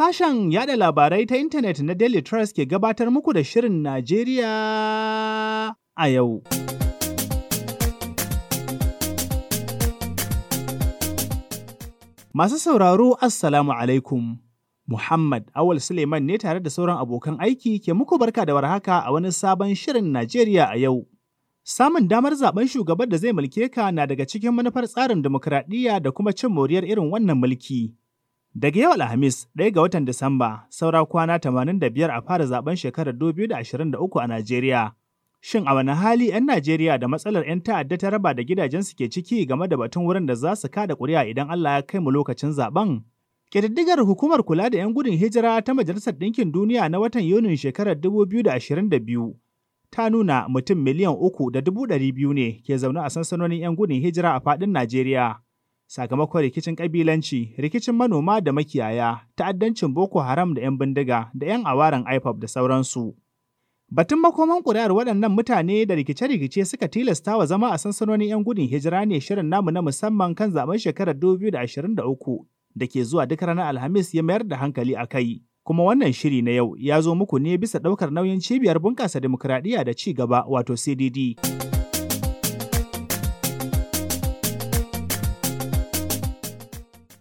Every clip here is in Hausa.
Sashen yada labarai ta intanet na Daily Trust ke gabatar muku da Shirin Najeriya a yau. Masu sauraro Assalamu alaikum. Muhammad Awal Suleiman ne tare da sauran abokan aiki ke muku barka da warhaka a wani sabon Shirin Najeriya a yau. Samun damar zaben shugaban da zai mulke ka na daga cikin manufar tsarin demokradiyya da kuma cin moriyar irin wannan mulki. Daga yau Alhamis, ɗaya ga watan Disamba, saura kwana 85 a fara zaben shekarar 2023 a Najeriya. Shin a wani hali 'yan Najeriya da matsalar 'yan ta'adda ta raba da gidajensu ke ciki game da batun wurin da za su kada ƙuri'a idan Allah ya kai mu lokacin zaben? Ƙididdigar hukumar kula da 'yan gudun hijira ta Majalisar Ɗinkin Duniya na watan Yunin shekarar 2022 ta nuna mutum miliyan uku da dubu ɗari biyu ne ke zaune a sansanonin 'yan gudun hijira a faɗin Najeriya. sakamakon rikicin kabilanci, rikicin manoma da makiyaya, ta'addancin Boko Haram da 'yan bindiga da 'yan awaran IPOP da sauransu. Batun makoman ƙuri'ar waɗannan mutane da rikice-rikice suka tilasta wa zama a sansanonin 'yan gudun hijira ne shirin namu na musamman kan zaben shekarar 2023 da ke zuwa duk ranar Alhamis ya mayar da hankali a kai. Kuma wannan shiri na yau ya zo muku ne bisa ɗaukar nauyin cibiyar bunƙasa dimokuraɗiyya da ci gaba wato CDD.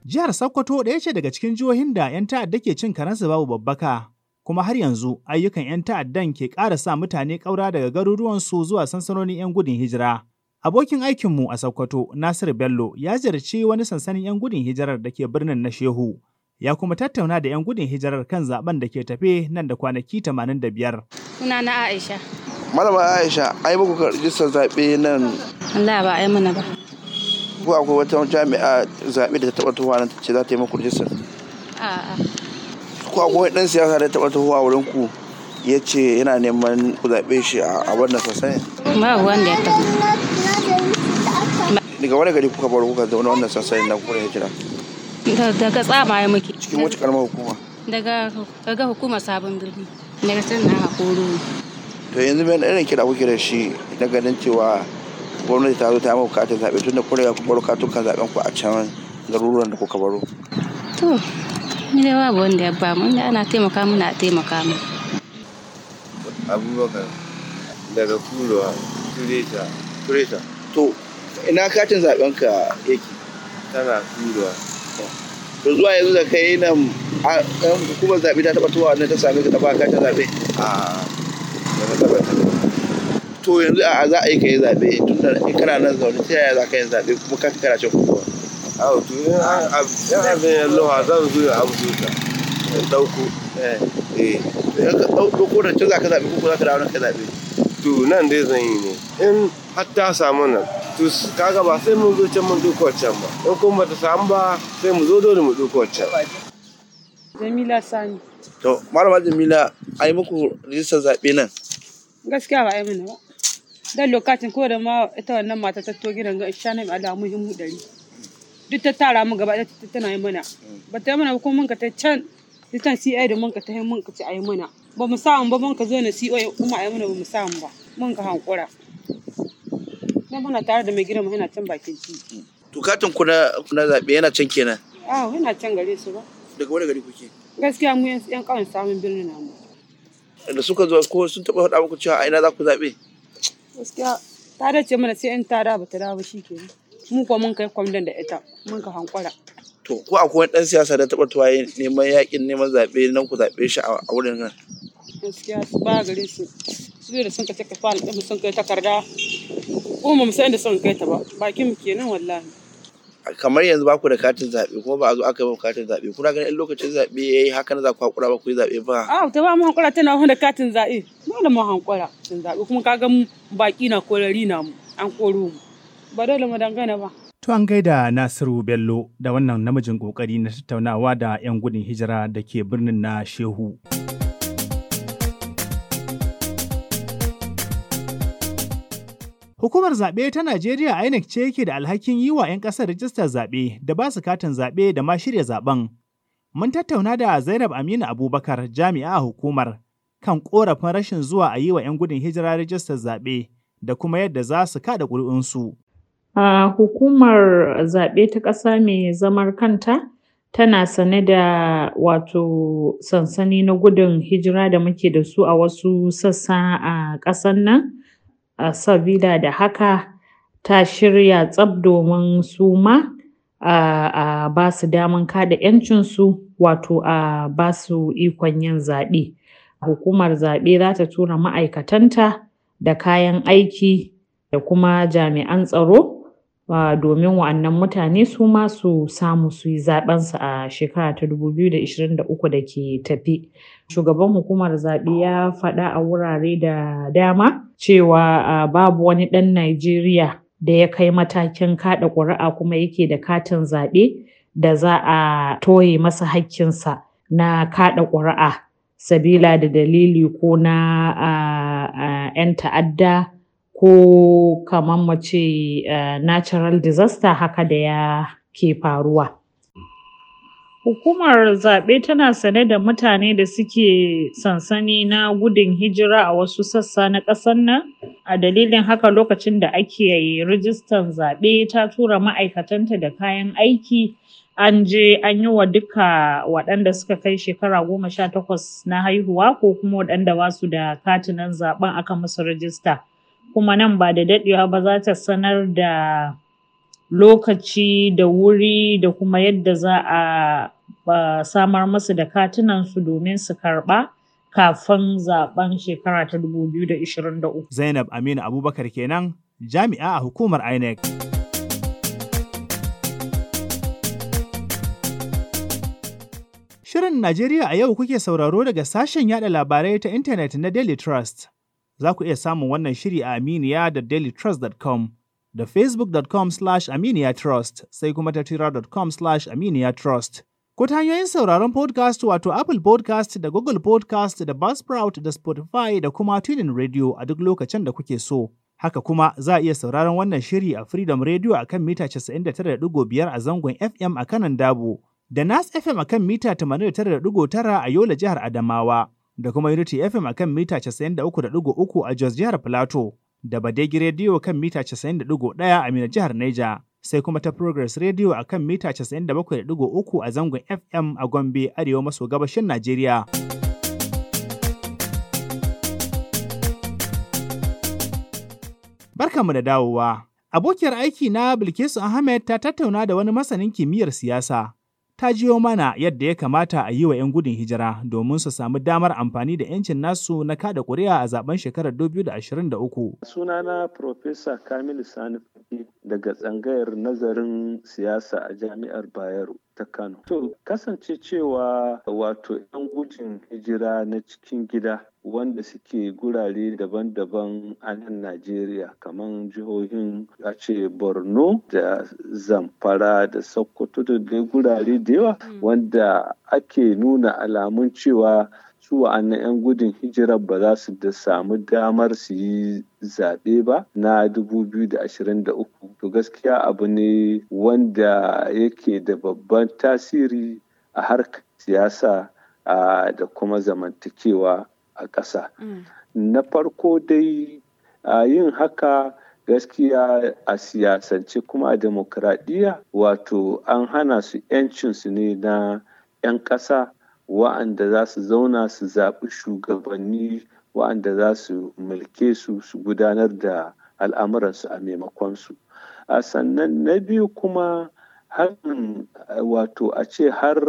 Jihar Sokoto ɗaya ce daga cikin jihohin da 'yan ta'adda ke cin karensu babu babbaka, kuma har yanzu ayyukan 'yan ta'addan ke ƙara sa mutane ƙaura daga garuruwansu zuwa sansanonin 'yan gudun hijira. Abokin aikinmu a Sokoto, Nasiru Bello, ya ziyarci wani sansanin 'yan gudun hijirar da ke birnin na Shehu. Ya kuma tattauna da 'yan gudun hijirar kan zaben da ke tafe nan da kwanaki 85. Suna na Aisha. Malama Aisha, ai muku karɓi zaɓe nan. Allah ba ai mana ba. ko akwai wata jami'a zaɓe da ta taɓa tuhuwa nan ce za ta yi muku rijistar ko akwai ɗan siyasa da ta taɓa tuhuwa wurin ku ya ce yana neman ku zaɓe shi a wannan sassan ba wanda ya taɓa daga wani gari kuka bar kuka zaune wannan sassan na kuma ya jira daga tsama ya muke cikin wacce karamar hukuma daga daga hukumar sabon birni na can na hakoro to yanzu bayan ɗan kira kuke da shi na ganin cewa gwamnati ta zo ta yi bukatar zaɓe tun da kurewa ku baro katukan zaɓen ku a can garuruwan da kuka baro. To, ni dai babu wanda ya ba mu ni ana taimaka mu na taimaka mu. Abubakar daga Kuruwa, Kureta, Kureta. To, ina katin zaɓen ka yake? Tana Kuruwa. To zuwa yanzu da kai nan hukumar zaɓe ta taɓa tuwa wannan ta same ka taɓa ba katin zaɓe? A'a, ba ta taɓa to yanzu a za a yi ka yi zaɓe tunda in kana nan zaune ta yaya za ka yi zaɓe kuma ka kana cin kuɗuwa. awo to yan abin yan lawa zan zo ya abu zuta in ɗauko. eh, eh. ɗauko da can za ka zaɓe ko za ka dawo ka zaɓe. to nan dai zan yi ne in har ta samu nan to kaga ba sai mun zo can mun ɗauko can ba in kuma ta samu ba sai mu zo dole mu ɗauko can. Jamila Sani. To, Malama Jamila, a yi muku rijistar zaɓe nan? Gaskiya ba a yi mana ba. dan lokacin ko da ma ita wannan mata ta to gidan ga insha Allah Allah himu dari duk ta tara mu gaba ta tana yi mana ba ta yi mana ko mun ka ta can litan CI da mun ka ta yi mun ka ci ayi mana ba mu samu ba mun ka zo na co kuma ayi mana ba mu samu ba mun ka hankura dan muna tare da mai gidan mu yana can bakin ci. to katin kuna kuna zabe yana can kenan ah yana can gare su ba daga wani gari kuke gaskiya mu yan kawai samun birnin namu da suka zo ko sun taba faɗa muku cewa a ina za ku zaɓe gaskiya ta dace mana sai in ta ba ta dawo ba shikenan mu ko mun kai kwamdan da ita mun ka hankwara to ko akwai dan siyasa da taba tuwa neman yakin neman zaɓe nan ku zaɓe shi a wurin nan gaskiya su ba gare su su da sun ka take da sun kai takarda ko mu san da sun kai ta ba bakin mu kenan wallahi kamar yanzu ba ku da katin zaɓe kuma ba a zo aka yi katin zaɓe kuna ganin in lokacin zaɓe ya yi haka na za ku haƙura ba ku yi zaɓe ba. a ta ba mu haƙura tana da katin zaɓe mu da mu haƙura katin zaɓe kuma ka ga mu baƙi na korari na mu an koro mu ba dole mu dangana ba. To an gaida Nasiru Bello da wannan namijin ƙoƙari na tattaunawa da 'yan gudun hijira da ke birnin na Shehu. Hukumar zaɓe ta Najeriya INEC ce yake da alhakin yi wa 'yan ƙasar rijistar zaɓe da ba su katin zaɓe da ma shirya zaɓen. Mun tattauna da Zainab Aminu Abubakar jami'a a hukumar kan ƙorafin rashin zuwa a yi wa 'yan gudun hijira rijistar zaɓe da kuma yadda za su kada ƙuri'unsu. a hukumar zaɓe ta ƙasa mai zamar kanta tana sane da wato sansani na gudun hijira da muke da su a wasu sassa a ƙasan nan. a sabila da haka ta shirya tsab domin su ma a ba su daman kada 'yancinsu wato a ba su ikon yin zaɓe hukumar zaɓe za ta tura ma'aikatanta da kayan aiki da kuma jami'an tsaro domin wa'annan mutane su ma su samu su yi zaɓensu a shekara ta 2023 da ke tafe. Shugaban hukumar zaɓe ya faɗa a wurare da dama cewa babu wani ɗan Najeriya da ya kai matakin kaɗa ƙuri'a kuma yake da katin zaɓe da za a toye masa hakkinsa na kaɗa ƙuri'a sabila da dalili ko na 'yan ta'adda. ko kamar mace uh, natural disaster haka da ya ke faruwa. Hukumar zaɓe tana sane da mutane da suke sansani na gudun hijira a wasu sassa na ƙasar nan, a dalilin haka lokacin da ake rijistan zaɓe ta tura ma'aikatanta da kayan aiki an je an yi wa duka waɗanda suka kai shekara goma sha takwas na haihuwa ko kuma waɗanda ba su da katinan zaɓen aka musu rijista. kuma nan ba da daɗewa ba za ta sanar da lokaci da wuri da kuma yadda za a ba samar musu da katunansu domin su karɓa kafin zaben shekara ta 2023. Zainab Aminu Abubakar kenan jami'a a hukumar INEC. Shirin Najeriya a yau kuke sauraro daga sashen yada labarai ta intanet na Daily Trust. za ku iya samun wannan shiri a Aminiya da dailytrust.com da facebook.com aminiyatrust sai kuma tatira.com slash aminiyatrust. Ko ta hanyoyin sauraron podcast wato Apple podcast da Google podcast da Buzzsprout da Spotify da kuma Tunin Radio a duk lokacin da kuke so. Haka kuma za a iya sauraron wannan shiri a Freedom Radio a kan mita 99.5 a zangon FM a kanan Dabo da Nas FM a kan mita 89.9 a Yola jihar Adamawa. da kuma Unity FM a kan mita 93.3 a Jos jihar Filato da Badegi Radio kan mita 90.1 a Mina jihar Neja. Sai kuma ta Progress Radio a kan mita 97.3 a zangon FM a Gombe, Arewa maso gabashin Najeriya. barka mu da dawowa. Abokiyar aiki na Bilkisu Ahmed ta tattauna da wani masanin kimiyyar siyasa ta jiyo mana yadda ya kamata a yi wa 'yan gudun hijira domin su samu damar amfani da 'yancin nasu na kada kuri'a a zaben shekarar 2023. Sunana Profesa Kamilu Sani daga tsangayar nazarin siyasa a Jami'ar Bayero. ta Kano. To kasance cewa wato 'yan gujin hijira na cikin gida wanda suke gurare daban-daban a nan Najeriya kamar jihohin a ce Borno da Zamfara da Sokoto da gurare da yawa hmm. wanda ake nuna alamun cewa su wa'annan 'yan gudun hijirar ba za su da samu damar su yi zaɓe ba na 2023 to gaskiya abu ne wanda yake da babban tasiri a harkar siyasa da kuma zamantakewa a ƙasa mm. na farko dai yin haka gaskiya a siyasance kuma a demokradiyya wato an hana su 'yancinsu ne na 'yan ƙasa wa'anda za su zauna su zaɓi shugabanni wa'anda za su mulke su su gudanar da al'amuransu a maimakon su a sannan na biyu kuma harin wato a ce har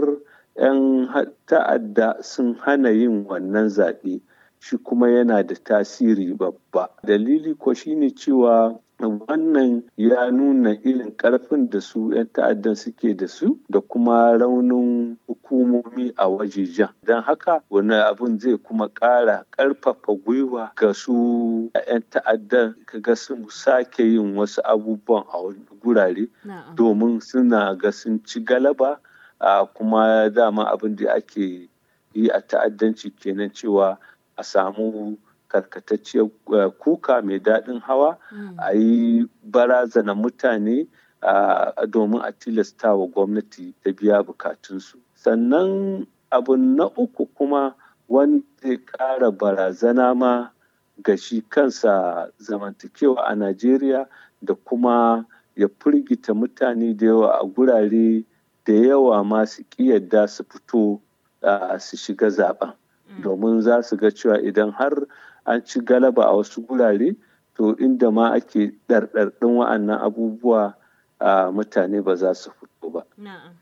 'yan ta'adda sun hana yin wannan zaɓe shi kuma yana da tasiri babba dalili ko shine cewa wannan ya nuna irin karfin da su 'yan ta'addan suke da su da kuma raunin hukumomi a wajejen don haka wani abin zai kuma kara karfafa gwiwa ga su 'yan ta'addan ga sun sake yin wasu abubuwan a gurare domin suna ga sun ci galaba a kuma dama abin da ake yi a ta'addanci kenan cewa a samu karkatacciyar eh, kuka mai daɗin hawa mm. a yi barazana mutane domin a tilasta wa gwamnati ta biya bukatunsu sannan abu na uku kuma wanda ya ƙara barazana ma ga shi kansa zamantakewa a najeriya da kuma ya firgita mutane da yawa a gurare da yawa masu yadda su fito su shiga zaben mm. domin za su ga cewa idan har an ci galaba a wasu gurare to inda ma ake ɗarɗarɗin wa'annan abubuwa a mutane ba za su fito ba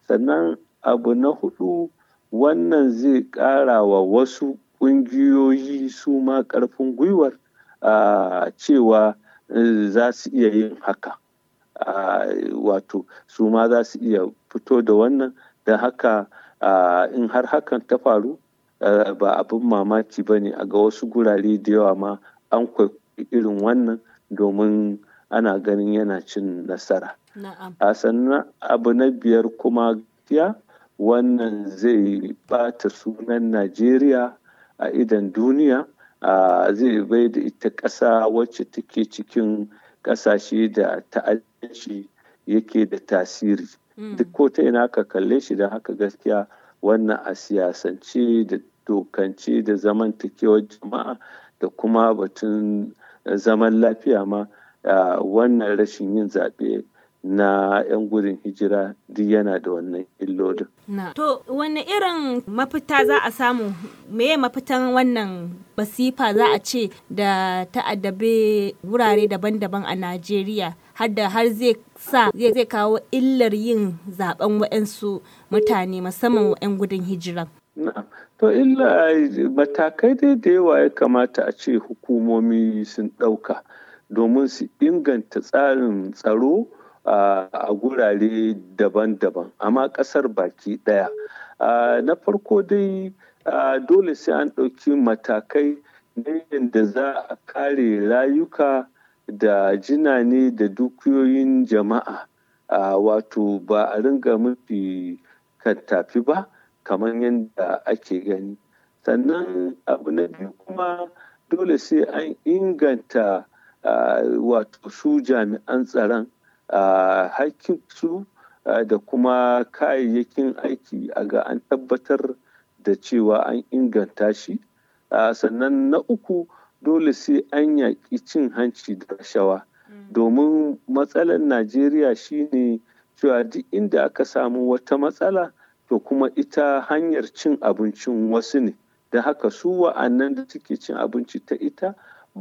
sannan abu na hudu wannan zai ƙara wa wasu ƙungiyoyi su ma ƙarfin gwiwar cewa eh, za su iya yin haka wato su ma za su iya fito da wannan da haka in har hakan ta faru Eh, ba abin mamaki ba ne a ga wasu gurare da yawa ma an irin wannan domin ana ganin yana cin nasara. A sannan abu na biyar kuma ya wannan zai bata sunan Najeriya a idan duniya zai bai da ita ƙasa wacce take cikin ƙasashe da ta'addanci yake da tasiri. Mm. Duk ko ta ina ka kalle shi da haka gaskiya wannan a siyasance da dokance da zamantakewar jama'a da kuma batun zaman lafiya ma wannan rashin yin zaɓe na 'yan gudun hijira duk yana da wannan illolin. To, wani irin mafita za a samu meye mafitan wannan basifa za a ce da ta'addabe wurare daban-daban a Najeriya? har da har zai sa zai kawo illar yin zaben waɗansu mutane musamman wa'yan gudun hijira. To illa matakai dai da yawa ya kamata a ce hukumomi sun ɗauka domin su inganta tsarin tsaro a gurare daban-daban, amma ƙasar baki ɗaya. Na farko dai dole sai an ɗauki matakai na yadda za a kare rayuka da jinane da dukiyoyin jama'a a wato ba a ringa mafi kantafi ba kamar yadda ake gani sannan abu na biyu kuma dole sai an inganta wato su jami'an tsaron haƙƙinsu da kuma kayayyakin aiki a ga an tabbatar da cewa an inganta shi sannan na uku dole sai an yaƙi cin hanci da rashawa mm. domin matsalar najeriya shine cewa duk inda aka samu wata matsala to kuma ita hanyar cin abincin wasu ne da haka su wa'annan da suke cin abinci ta ita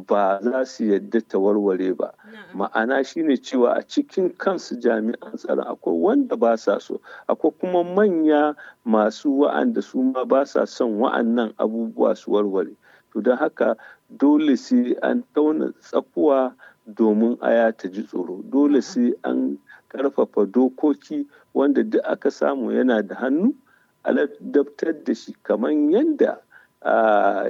ba za su yadda ta warware ba ma'ana shine cewa a cikin kansu jami'an tsaron akwai wanda ba sa so akwai kuma manya masu wa'anda su ma ba sa son wa'annan abubuwa su warware to don haka dole sai an tauna tsakuwa domin aya ta ji tsoro dole mm-hmm. sai an karfafa dokoki wanda duk aka samu yana da hannu aladabtar da shi kamar yadda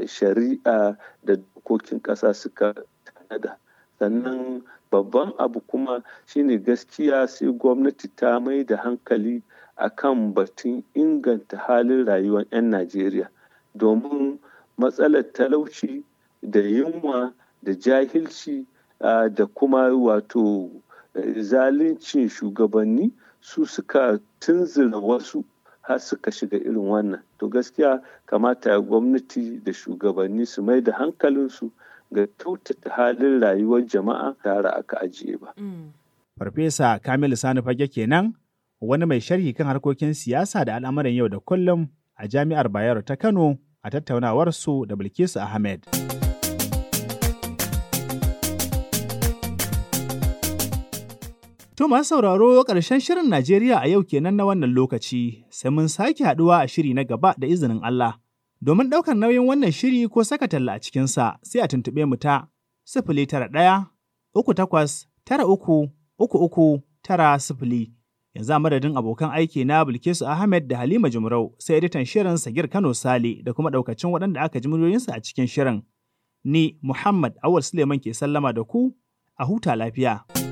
shari'a da dokokin ƙasa suka tanada sannan babban abu kuma shine gaskiya sai gwamnati ta mai da hankali akan batun inganta halin rayuwar 'yan najeriya domin matsalar talauci da yunwa da jahilci da kuma wato e, zaluncin shugabanni su suka tunzula wasu har suka shiga irin wannan to gaskiya kamata gwamnati da shugabanni su mai da hankalinsu ga tautata halin rayuwar jama'a tare aka ajiye ba. Mm. Farfesa Kamil Sani Fage kenan wani mai sharhi kan harkokin siyasa da al'amuran yau da kullum a Jami'ar Bayero ta Kano a tattaunawarsu da Bilkisu Ahmed. To masu sauraro ƙarshen shirin Najeriya a yau kenan na wannan lokaci, sai mun sake haɗuwa a shiri na gaba da izinin Allah. Domin ɗaukar nauyin wannan shiri ko saka talla a cikinsa sai a tuntuɓe mu ta sifili tara ɗaya, uku takwas, tara uku, uku uku, tara sifili. Yanzu a madadin abokan aiki na Bilkisu Ahmed da Halima Jumrau sai editan shirin Sagir Kano Sale da kuma ɗaukacin waɗanda aka ji muryoyinsu a cikin shirin. Ni Muhammad Awal Suleiman ke sallama da ku a huta lafiya.